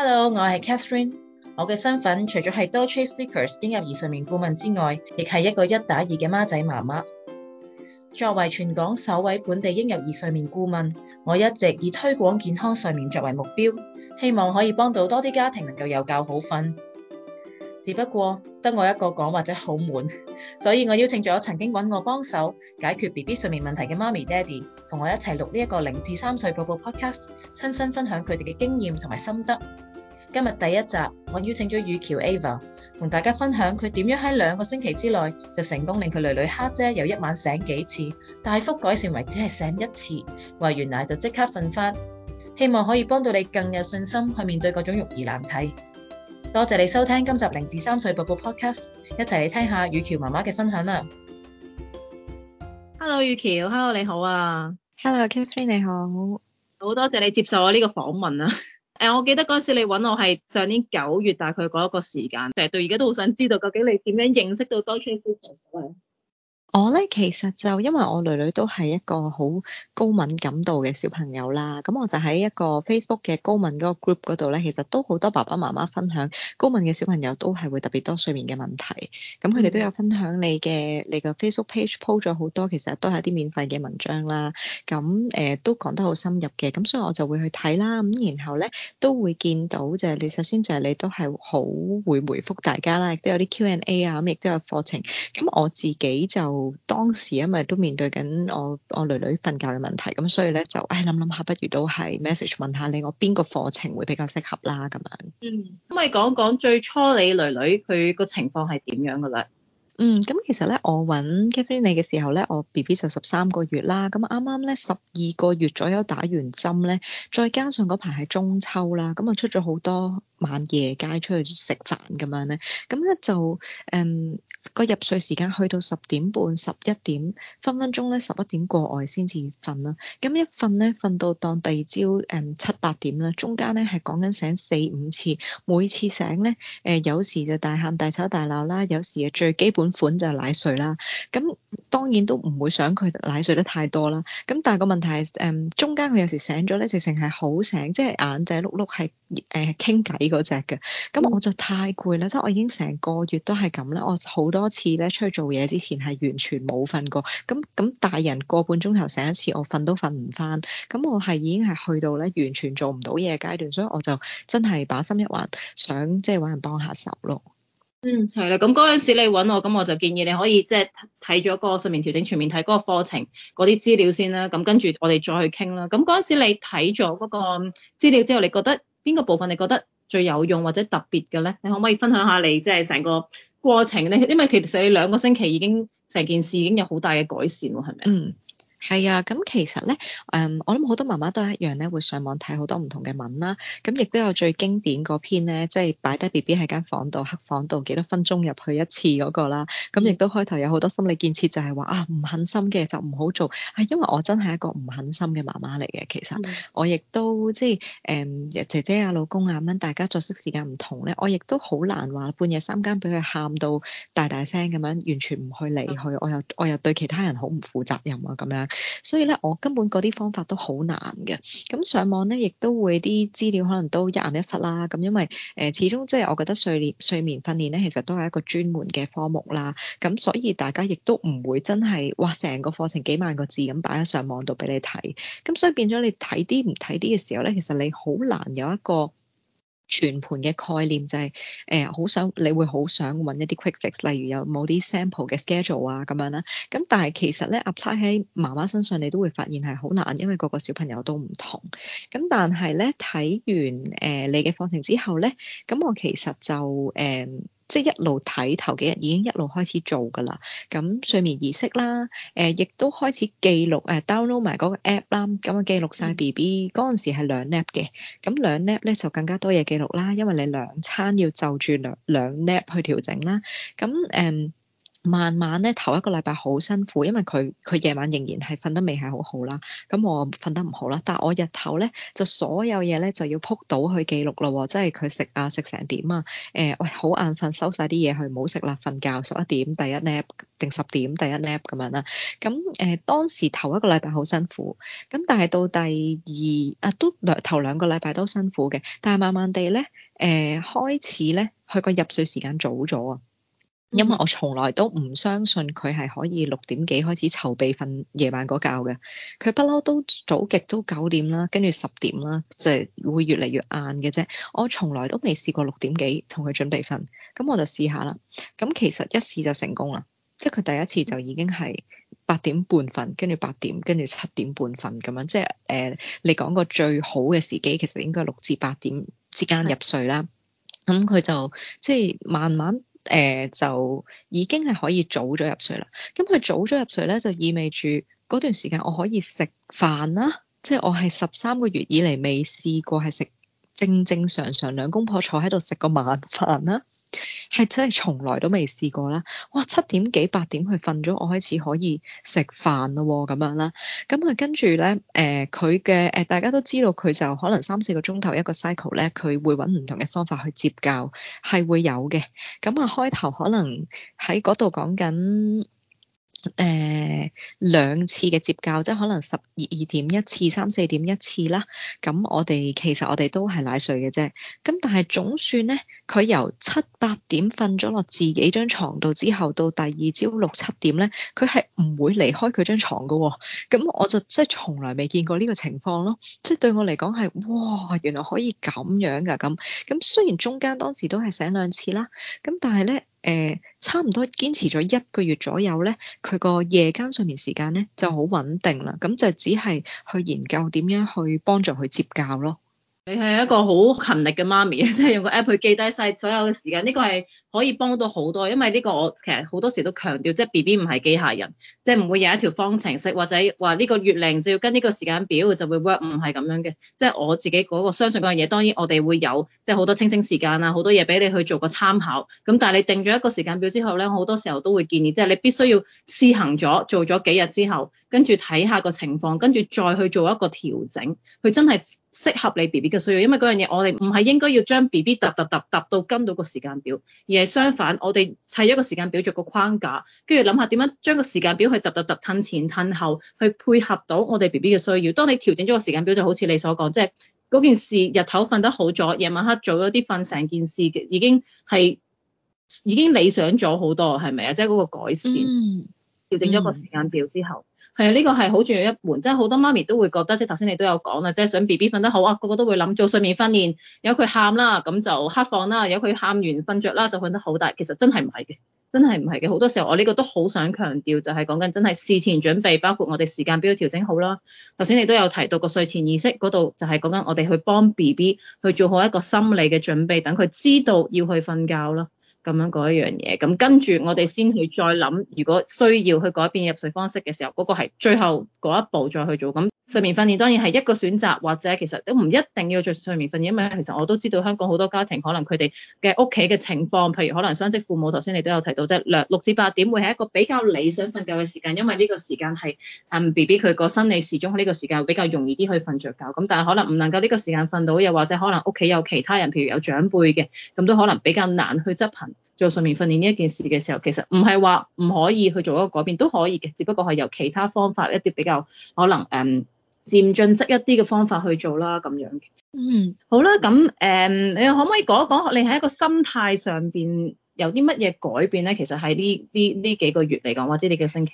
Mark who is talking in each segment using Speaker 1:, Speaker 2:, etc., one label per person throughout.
Speaker 1: Hello，我係 Catherine。我嘅身份除咗係 Dolce Sleepers 嬰幼兒睡眠顧問之外，亦係一個一打二嘅孖仔媽媽。作為全港首位本地嬰幼兒睡眠顧問，我一直以推廣健康睡眠作為目標，希望可以幫到多啲家庭能夠有覺好瞓。只不過得我一個講或者好悶，所以我邀請咗曾經揾我幫手解決 BB 睡眠問題嘅媽咪 Daddy 同我一齊錄呢一個零至三歲寶寶 Podcast，親身分享佢哋嘅經驗同埋心得。今日第一集，我邀請咗雨僑 Ava 同大家分享佢點樣喺兩個星期之內就成功令佢囡囡哈姐由一晚醒幾次，大幅改善為只係醒一次，餵完奶就即刻瞓返。希望可以幫到你更有信心去面對各種育兒難題。多謝你收聽今集零至三歲寶寶 Podcast，一齊嚟聽吓雨僑媽媽嘅分享啦。Hello 雨僑，Hello 你好啊。Hello Catherine 你好，好多謝你接受我呢個訪問啊。誒，我記得嗰陣時你搵我係上年九月大概嗰一個時間，成到而家都好想知道究竟你點樣認識到 Doctor Saunders 嘅？
Speaker 2: 我咧其實就因為我女女都係一個好高敏感度嘅小朋友啦，咁我就喺一個 Facebook 嘅高敏嗰個 group 嗰度咧，其實都好多爸爸媽媽分享高敏嘅小朋友都係會特別多睡眠嘅問題，咁佢哋都有分享你嘅你嘅 Facebook page post 咗好多，其實都係啲免費嘅文章啦，咁誒、呃、都講得好深入嘅，咁所以我就會去睇啦，咁然後咧都會見到就係你首先就係你都係好會回覆大家啦，亦都有啲 Q&A 啊，咁亦都有課程，咁我自己就。當時因為都面對緊我我女女瞓覺嘅問題，咁所以咧就誒諗諗下，不如都係 message 問下你我邊個課程會比較適合啦，咁樣。嗯，
Speaker 1: 咁咪講講最初你女女佢個情況係點樣噶啦？
Speaker 2: 嗯，咁其實咧，我揾 Kathy 你嘅時候咧，我 B B 就十三個月啦，咁啱啱咧十二個月左右打完針咧，再加上嗰排係中秋啦，咁啊出咗好多晚夜街出去食飯咁樣咧，咁咧就誒個、嗯、入睡時間去到十點半十一點，分分鐘咧十一點過外先至瞓啦，咁一瞓咧瞓到當第二朝誒七八點啦，中間咧係講緊醒四五次，每次醒咧誒有時就大喊大吵大鬧啦，有時啊最基本款就係奶睡啦，咁當然都唔會想佢奶睡得太多啦。咁但係個問題係誒中間佢有時醒咗咧，直情係好醒，即係眼仔碌碌係誒傾偈嗰隻嘅。咁，呃，我就太攰啦，即係，嗯，我已經成個月都係咁咧。我好多次咧出去做嘢之前係完全冇瞓過。咁咁大人個半鐘頭醒一次，我瞓都瞓唔翻。咁我係已經係去到咧完全做唔到嘢嘅階段，所以我就真係把心一橫，想即係揾人幫下手咯。
Speaker 1: 嗯，係啦，咁嗰陣時你揾我，咁我就建議你可以即係睇咗個睡眠調整全面睇嗰個課程嗰啲資料先啦，咁跟住我哋再去傾啦。咁嗰陣時你睇咗嗰個資料之後，你覺得邊個部分你覺得最有用或者特別嘅咧？你可唔可以分享下你即係成個過程
Speaker 2: 咧？因為其實你兩個星期已經成件事已經有好大嘅改善喎，係咪？嗯。係啊，咁其實咧，誒、嗯，我諗好多媽媽都係一樣咧，會上網睇好多唔同嘅文啦。咁亦都有最經典嗰篇咧，即係擺低 BB 喺間房度，黑房度幾多分鐘入去一次嗰個啦。咁亦都開頭有好多心理建設就，就係話啊，唔狠心嘅就唔好做。係、啊、因為我真係一個唔狠心嘅媽媽嚟嘅，其實我亦都即係誒、嗯、姐姐啊、老公啊咁樣，大家作息時間唔同咧，我亦都好難話半夜三更俾佢喊到大大聲咁樣，完全唔去理佢，的我又我又對其他人好唔負責任啊咁樣。所以咧，我根本嗰啲方法都好難嘅。咁上網咧，亦都會啲資料可能都一硬一忽啦。咁因為誒、呃，始終即係我覺得睡眠睡眠訓練咧，其實都係一個專門嘅科目啦。咁所以大家亦都唔會真係，哇！成個課程幾萬個字咁擺喺上網度俾你睇。咁所以變咗你睇啲唔睇啲嘅時候咧，其實你好難有一個。全盤嘅概念就係、是、誒，好、呃、想你會好想揾一啲 quick fix，例如有冇啲 sample 嘅 schedule 啊咁樣啦。咁但係其實咧，apply 喺媽媽身上你都會發現係好難，因為個個小朋友都唔同。咁但係咧，睇完誒、呃、你嘅課程之後咧，咁我其實就誒。呃即係一路睇，頭幾日已經一路開始做㗎啦。咁睡眠儀式啦，誒、呃、亦都開始記錄，誒、呃、download 埋嗰個 app 啦。咁記錄晒 B B 嗰陣時係兩 nap 嘅，咁兩 nap 咧就更加多嘢記錄啦，因為你兩餐要就住兩兩 nap 去調整啦。咁誒。呃慢慢咧，頭一個禮拜好辛苦，因為佢佢夜晚仍然係瞓得未係好好啦。咁我瞓得唔好啦，但我日頭咧就所有嘢咧就要撲到去記錄咯。即係佢食啊，食成點啊？誒、呃、喂，好眼瞓，收晒啲嘢去，唔好食啦，瞓覺十一點第一 nap 定十點第一 nap 咁樣啦。咁誒、呃、當時頭一個禮拜好辛苦，咁但係到第二啊都兩頭兩個禮拜都辛苦嘅，但係慢慢地咧誒、呃、開始咧，佢個入睡時間早咗啊。因為我從來都唔相信佢係可以六點幾開始籌備瞓夜晚嗰覺嘅，佢不嬲都早極都九點啦，跟住十點啦，即係會越嚟越晏嘅啫。我從來都未試過六點幾同佢準備瞓，咁我就試下啦。咁其實一試就成功啦，即係佢第一次就已經係八點半瞓，跟住八點，跟住七點半瞓咁樣，即係誒，你講個最好嘅時機其實應該六至八點之間入睡啦。咁佢就即係慢慢。誒、呃、就已經係可以早咗入睡啦。咁佢早咗入睡咧，就意味住嗰段時間我可以食飯啦。即係我係十三個月以嚟未試過係食正正常常兩公婆坐喺度食個晚飯啦。係真係從來都未試過啦！哇，七點幾八點佢瞓咗，我開始可以食飯啦，咁樣啦。咁啊，跟住咧，誒、呃，佢嘅誒，大家都知道佢就可能三四個鐘頭一個 cycle 咧，佢會揾唔同嘅方法去接覺，係會有嘅。咁啊，開頭可能喺嗰度講緊。誒、嗯、兩次嘅接覺，即係可能十二二點一次，三四點一次啦。咁我哋其實我哋都係奶睡嘅啫。咁但係總算呢，佢由七八點瞓咗落自己張床度之後，到第二朝六七點呢，佢係唔會離開佢張牀㗎。咁我就即係從來未見過呢個情況咯。即係對我嚟講係，哇！原來可以咁樣㗎咁、啊。咁雖然中間當時都係醒兩次啦，咁但係呢。誒，差唔多堅持咗一個月左右咧，佢個夜間睡眠時間咧就好穩定啦。咁就只係去研究點樣去幫助佢接覺咯。你係一個好
Speaker 1: 勤力嘅媽咪，即係用個 app 去記低晒所有嘅時間，呢個係可以幫到好多。因為呢個我其實好多時都強調，即係 BB 唔係機械人，即係唔會有一條方程式或者話呢個月齡就要跟呢個時間表就會 work，唔係咁樣嘅。即係我自己嗰個相信嗰樣嘢，當然我哋會有即係好多清清時間啊，好多嘢俾你去做個參考。咁但係你定咗一個時間表之後咧，好多時候都會建議，即係你必須要試行咗做咗幾日之後，跟住睇下個情況，跟住再去做一個調整。佢真係適合你 B B 嘅需要，因為嗰樣嘢我哋唔係應該要將 B B 揼揼揼揼到跟到個時間表，而係相反，我哋砌咗個時間表做個框架，跟住諗下點樣將個時間表去揼揼揼吞前吞後，去配合到我哋 B B 嘅需要。當你調整咗個時間表，就好似你所講，即係嗰件事日頭瞓得好咗，夜晚黑早咗啲瞓，成件事已經係已經理想咗好多，係咪啊？即係嗰個改善，嗯、調整咗個時間表之後。嗯係呢個係好重要一門，即係好多媽咪都會覺得，即係頭先你都有講啦，即係想 B B 瞓得好啊，個個都會諗做睡眠訓練，有佢喊啦，咁就黑房啦，有佢喊完瞓着啦，就瞓得好，但係其實真係唔係嘅，真係唔係嘅，好多時候我呢個都好想強調，就係講緊真係事前準備，包括我哋時間表要調整好啦。頭先你都有提到個睡前儀式嗰度，就係講緊我哋去幫 B B 去做好一個心理嘅準備，等佢知道要去瞓覺啦。咁樣嗰一樣嘢，咁跟住我哋先去再諗，如果需要去改變入睡方式嘅時候，嗰個係最後嗰一步再去做咁。睡眠訓練當然係一個選擇，或者其實都唔一定要做睡眠訓練，因為其實我都知道香港好多家庭可能佢哋嘅屋企嘅情況，譬如可能雙職父母，頭先你都有提到即係六至八點會係一個比較理想瞓覺嘅時間，因為呢個時間係 B B 佢個生理時鐘呢個時間會比較容易啲去瞓着覺。咁但係可能唔能夠呢個時間瞓到，又或者可能屋企有其他人，譬如有長輩嘅，咁都可能比較難去執行做睡眠訓練呢一件事嘅時候，其實唔係話唔可以去做一個改變都可以嘅，只不過係由其他方法一啲比較可能嗯。漸進式一啲嘅方法去做啦，咁樣嘅。嗯，好啦，咁誒，um, 你可唔可以講一講你喺一個心態上邊有啲乜嘢改變咧？其實
Speaker 2: 喺呢呢呢幾個月嚟講，或者呢幾個星期。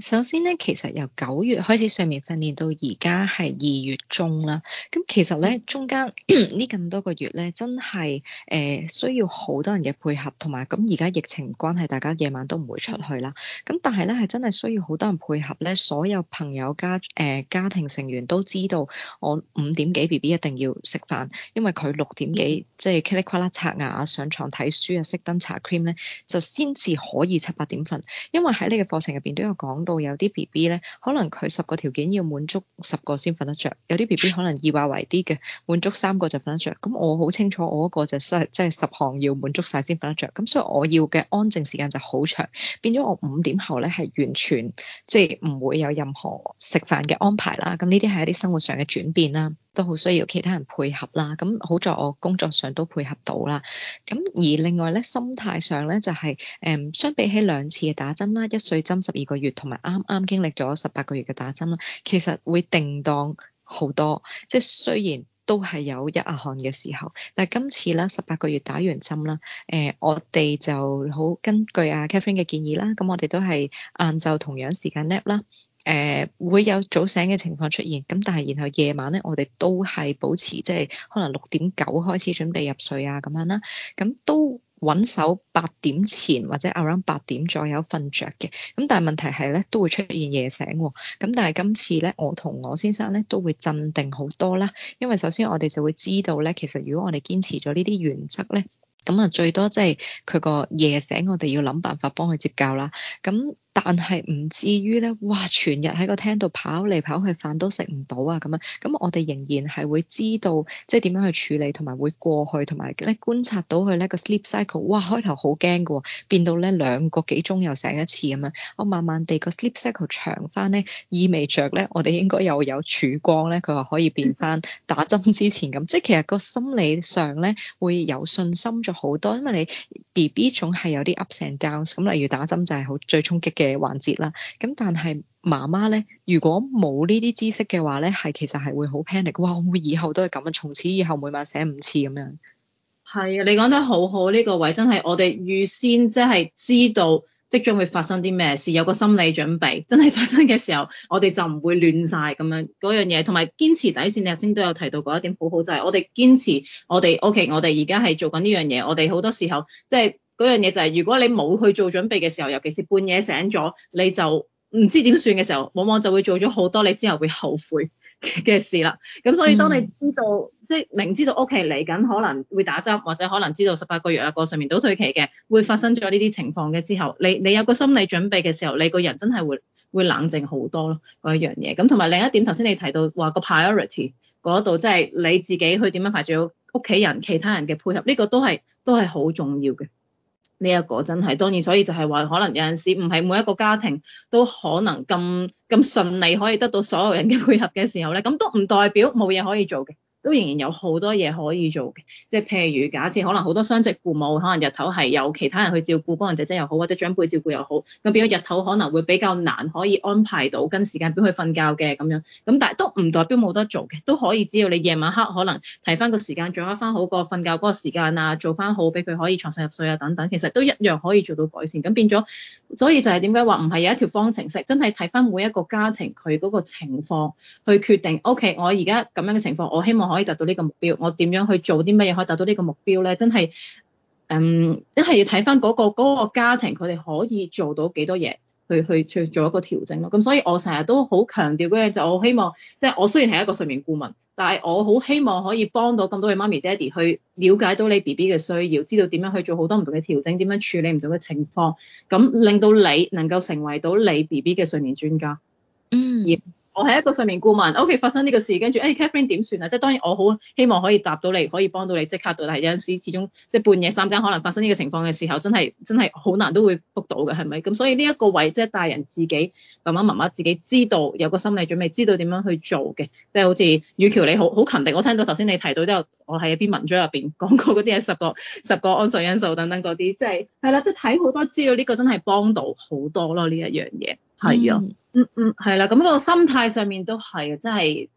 Speaker 2: 首先咧，其實由九月開始上面訓練到而家係二月中啦。咁其實咧，中間呢咁多個月咧，真係誒、呃、需要好多人嘅配合，同埋咁而家疫情關係，大家夜晚都唔會出去啦。咁但係咧係真係需要好多人配合咧，所有朋友家誒、呃、家庭成員都知道我五點幾 B B 一定要食飯，因為佢六點幾即係嘰里呱啦刷牙、上床睇書啊、熄燈搽 cream 咧，就先至可以七八點瞓。因為喺呢個課程入邊都有講。到有啲 B B 咧，可能佢十個條件要滿足十個先瞓得着，有啲 B B 可能易話為啲嘅，滿足三個就瞓得着。咁我好清楚我嗰個，就即係即係十項要滿足晒先瞓得着，咁所以我要嘅安靜時間就好長，變咗我五點後咧係完全即係唔會有任何食飯嘅安排啦。咁呢啲係一啲生活上嘅轉變啦，都好需要其他人配合啦。咁好在我工作上都配合到啦。咁而另外咧，心態上咧就係、是、誒、嗯、相比起兩次嘅打針啦，一歲針十二個月同。啱啱經歷咗十八個月嘅打針啦，其實會定當好多，即係雖然都係有一額汗嘅時候，但係今次啦，十八個月打完針啦，誒、呃、我哋就好根據啊 Catherine 嘅建議啦，咁我哋都係晏晝同樣時間 nap 啦、呃，誒會有早醒嘅情況出現，咁但係然後夜晚咧我哋都係保持，即係可能六點九開始準備入睡啊咁樣啦，咁都，穩守八點前或者 around 八點左右瞓着嘅，咁但係問題係咧都會出現夜醒，咁但係今次咧我同我先生咧都會鎮定好多啦，因為首先我哋就會知道咧，其實如果我哋堅持咗呢啲原則咧。咁啊，最多即係佢個夜醒，我哋要諗辦法幫佢接覺啦。咁但係唔至於咧，哇！全日喺個廳度跑嚟跑去，飯都食唔到啊，咁樣。咁我哋仍然係會知道，即係點樣去處理，同埋會過去，同埋咧觀察到佢咧個 sleep cycle。哇！開頭好驚噶，變到咧兩個幾鐘又醒一次咁樣。我慢慢地個 sleep cycle 長翻咧，意味着咧我哋應該又有曙光咧。佢話可以變翻打針之前咁，即係其實個心理上咧會有信心好多，因為你 B B 總係有啲 ups and downs，咁例如打針就係好最衝擊嘅環節啦。咁但係媽媽咧，如果冇呢啲知識嘅話咧，係其實係會好 panic。哇！會唔會以後都係咁啊？從此以後每晚醒五次咁樣。
Speaker 1: 係啊，你講得好好，呢個位真係我哋預先即係知道。即將會發生啲咩事，有個心理準備，真係發生嘅時候，我哋就唔會亂晒咁樣嗰樣嘢。同埋堅持底線，你頭先都有提到嗰一點好，好好就係、是、我哋堅持我哋。OK，我哋而家係做緊呢樣嘢。我哋好、okay, 多時候即係嗰樣嘢就係、是，如果你冇去做準備嘅時候，尤其是半夜醒咗，你就唔知點算嘅時候，往往就會做咗好多，你之後會後悔嘅事啦，咁所以當你知道、嗯、即係明知道屋企嚟緊可能會打針，或者可能知道十八個月啊過睡眠倒退期嘅，會發生咗呢啲情況嘅之後，你你有個心理準備嘅時候，你個人真係會會冷靜好多咯，嗰一樣嘢。咁同埋另一點，頭先你提到話個 priority 嗰度，即係你自己去點樣排除屋企人其他人嘅配合，呢個都係都係好重要嘅。呢一個真係當然，所以就係話，可能有陣時唔係每一個家庭都可能咁咁順利可以得到所有人嘅配合嘅時候咧，咁都唔代表冇嘢可以做嘅。都仍然有好多嘢可以做嘅，即係譬如假設可能好多雙職父母，可能日頭係有其他人去照顧工人姐姐又好，或者長輩照顧又好，咁變咗日頭可能會比較難可以安排到跟時間表去瞓覺嘅咁樣，咁但係都唔代表冇得做嘅，都可以只要你夜晚黑可能睇翻個時間，做翻翻好個瞓覺個時間啊，做翻好俾佢可以床上入睡啊等等，其實都一樣可以做到改善，咁變咗，所以就係點解話唔係有一條方程式，真係睇翻每一個家庭佢嗰個情況去決定，OK，我而家咁樣嘅情況我希望，可以達到呢個目標，我點樣去做啲乜嘢可以達到呢個目標咧？真係，嗯，真係要睇翻嗰個嗰個家庭，佢哋可以做到幾多嘢去去做做一個調整咯。咁所以我成日都好強調嗰樣就，我希望即係我雖然係一個睡眠顧問，但係我好希望可以幫到咁多位媽咪爹哋去了解到你 B B 嘅需要，知道點樣去做好多唔同嘅調整，點樣處理唔同嘅情況，咁令到你能夠成為到你 B B 嘅睡眠專家。嗯。我係一個睡眠顧問，OK 發生呢個事，跟住誒 Catherine 點算啊？即係當然我好希望可以答到你，可以幫到你即刻到，但係有陣時始終即係半夜三更可能發生呢個情況嘅時候，真係真係好難都會覆到嘅，係咪？咁所以呢一個位即係大人自己慢慢慢慢自己知道有個心理準備，知道點樣去做嘅，即係好似雨僑你好好勤力，我聽到頭先你提到啲我喺一篇文章入邊講過嗰啲係十個十個安睡因素等等嗰啲，即係係啦，即係睇好多資料，呢個真係幫到好多咯呢一樣嘢。係啊，嗯嗯，係啦，咁個心態上面都係啊，即係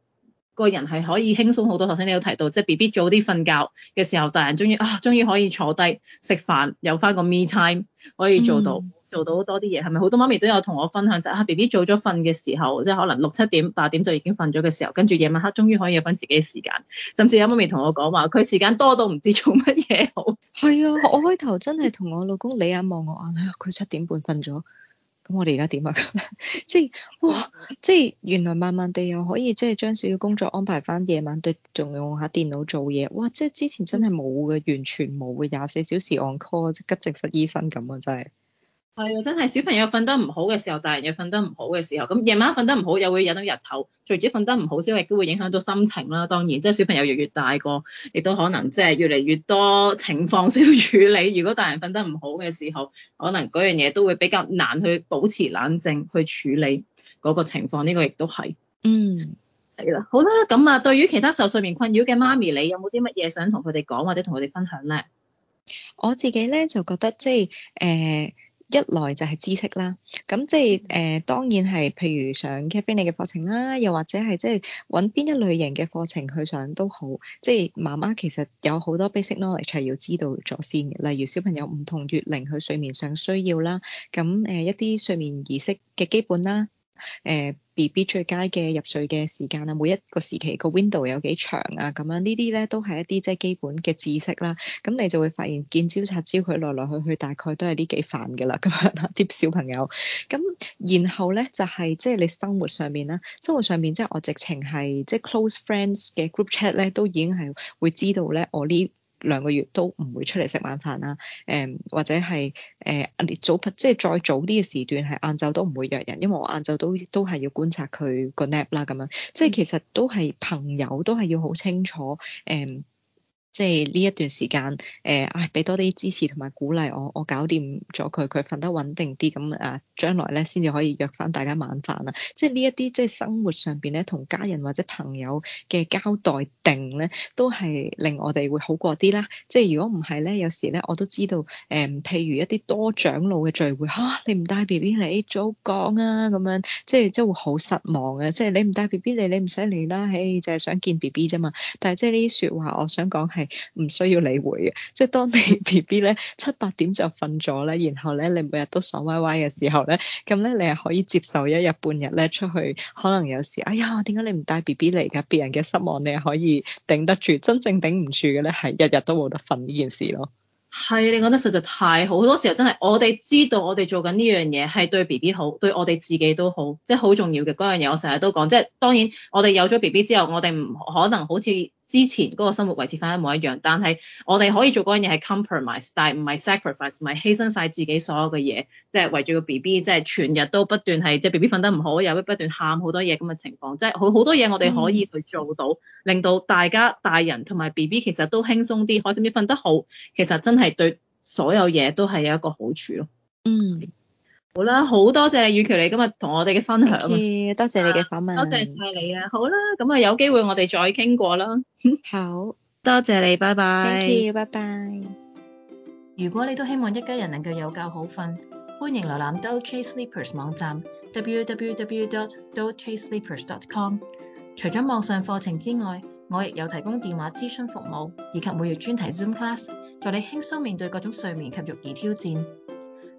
Speaker 1: 個人係可以輕鬆好多。頭先你有提到，即係 B B 早啲瞓覺嘅時候，大人終於啊，終於可以坐低食飯，有翻個 me time 可以做到，做到多啲嘢。係咪好多媽咪都有同我分享就啊，B B 早咗瞓嘅時候，即係可能六七點八點就已經瞓咗嘅時候，跟住夜晚黑終於可以有翻自己嘅時間。甚至有媽咪同我講話，佢時
Speaker 2: 間多到唔知做乜嘢好。係啊，我開頭真係同我老公你眼望我眼，佢七點半瞓咗。咁我哋而家點啊？咁， 即係哇，即係原來慢慢地又可以即係將少少工作安排翻夜晚，對，仲用下電腦做嘢。哇！即係之前真係冇嘅，嗯、完全冇嘅，廿四小時 on call 即急症室醫生咁啊！真係。
Speaker 1: 係啊，真係小朋友瞓得唔好嘅時候，大人又瞓得唔好嘅時候，咁夜晚瞓得唔好又會引到日頭，隨住瞓得唔好之亦都會影響到心情啦。當然，即係小朋友越來越大個，亦都可能即係越嚟越多情況需要處理。如果大人瞓得唔好嘅時候，可能嗰樣嘢都會比較難去保持冷靜去處理嗰個情況，呢個亦都係。嗯，係啦，好啦，咁啊，對於其他受睡眠困擾嘅媽咪，你有冇啲乜嘢想同佢哋講或者同佢哋分享咧？
Speaker 2: 我自己咧就覺得即係誒。欸一來就係知識啦，咁即係誒、呃、當然係，譬如上 cafe 你嘅課程啦，又或者係即係揾邊一類型嘅課程去上都好，即係媽媽其實有好多 basic knowledge 係要知道咗先，例如小朋友唔同月齡去睡眠上需要啦，咁誒一啲睡眠儀式嘅基本啦。誒、呃、B B 最佳嘅入睡嘅時間啊，每一個時期個 window 有幾長啊，咁樣、啊、呢啲咧都係一啲即係基本嘅知識啦。咁你就會發現見招拆招，佢來來去去大概都係呢幾範噶啦，咁樣啊啲小朋友。咁然後咧就係即係你生活上面啦，生活上面即係我直情係即、就、係、是、close friends 嘅 group chat 咧都已經係會知道咧我呢。我兩個月都唔會出嚟食晚飯啦，誒、嗯、或者係誒、嗯、早即係、就是、再早啲嘅時段係晏晝都唔會約人，因為我晏晝都都係要觀察佢個 nap 啦咁樣，即係其實都係朋友都係要好清楚誒。嗯即係呢一段時間，誒、呃，唉，俾多啲支持同埋鼓勵我，我搞掂咗佢，佢瞓得穩定啲，咁啊，將來咧先至可以約返大家晚飯啊！即係呢一啲即係生活上邊咧，同家人或者朋友嘅交代定咧，都係令我哋會好過啲啦。即係如果唔係咧，有時咧，我都知道，誒、呃，譬如一啲多長老嘅聚會，嚇、啊、你唔帶 B B 嚟，早講啊，咁樣，即係即係會好失望嘅、啊。即係你唔帶 B B 嚟，你唔使嚟啦，誒，就係、是、想見 B B 咋嘛？但係即係呢啲説話，我想講係。唔需要理會嘅，即係當你 B B 咧七八點就瞓咗咧，然後咧你每日都爽歪歪嘅時候咧，咁咧你係可以接受一日半日咧出去，可能有時，哎呀，點解你唔帶 B B 嚟㗎？別人嘅失望你係可以頂得住，真正頂唔住嘅咧係日日都冇得瞓呢件事咯。
Speaker 1: 係，你覺得實在太好，好多時候真係我哋知道我哋做緊呢樣嘢係對 B B 好，對我哋自己都好，即係好重要嘅嗰樣嘢。我成日都講，即係當然我哋有咗 B B 之後，我哋唔可能好似。之前嗰個生活維持翻一模一樣，但係我哋可以做嗰樣嘢係 compromise，但係唔係 sacrifice，唔係犧牲晒自己所有嘅嘢，即係圍住個 B B，即係全日都不斷係即係 B B 瞓得唔好，又會不斷喊好多嘢咁嘅情況，即係好好多嘢我哋可以去做到，令到大家大人同埋 B B 其實都輕鬆啲，開心啲瞓得好，其實真係對所有嘢都係有一個好處咯。嗯。好啦，好多謝你雨僑，你今日同我哋嘅分享。Thank you, 多謝你嘅訪問，啊，多謝晒你啊！好啦，咁啊有機會我哋再傾過啦。 好，多謝你，拜拜。
Speaker 2: Thank you, 拜拜。
Speaker 1: 如果你都希望一家人能夠有覺好瞓，歡迎瀏覽 Doce Sleepers 網站 www.douce sleepers.com。除咗網上課程之外，我亦有提供電話諮詢服務，以及每月專題 Zoom Class，助你輕鬆面對各種睡眠及育兒挑戰。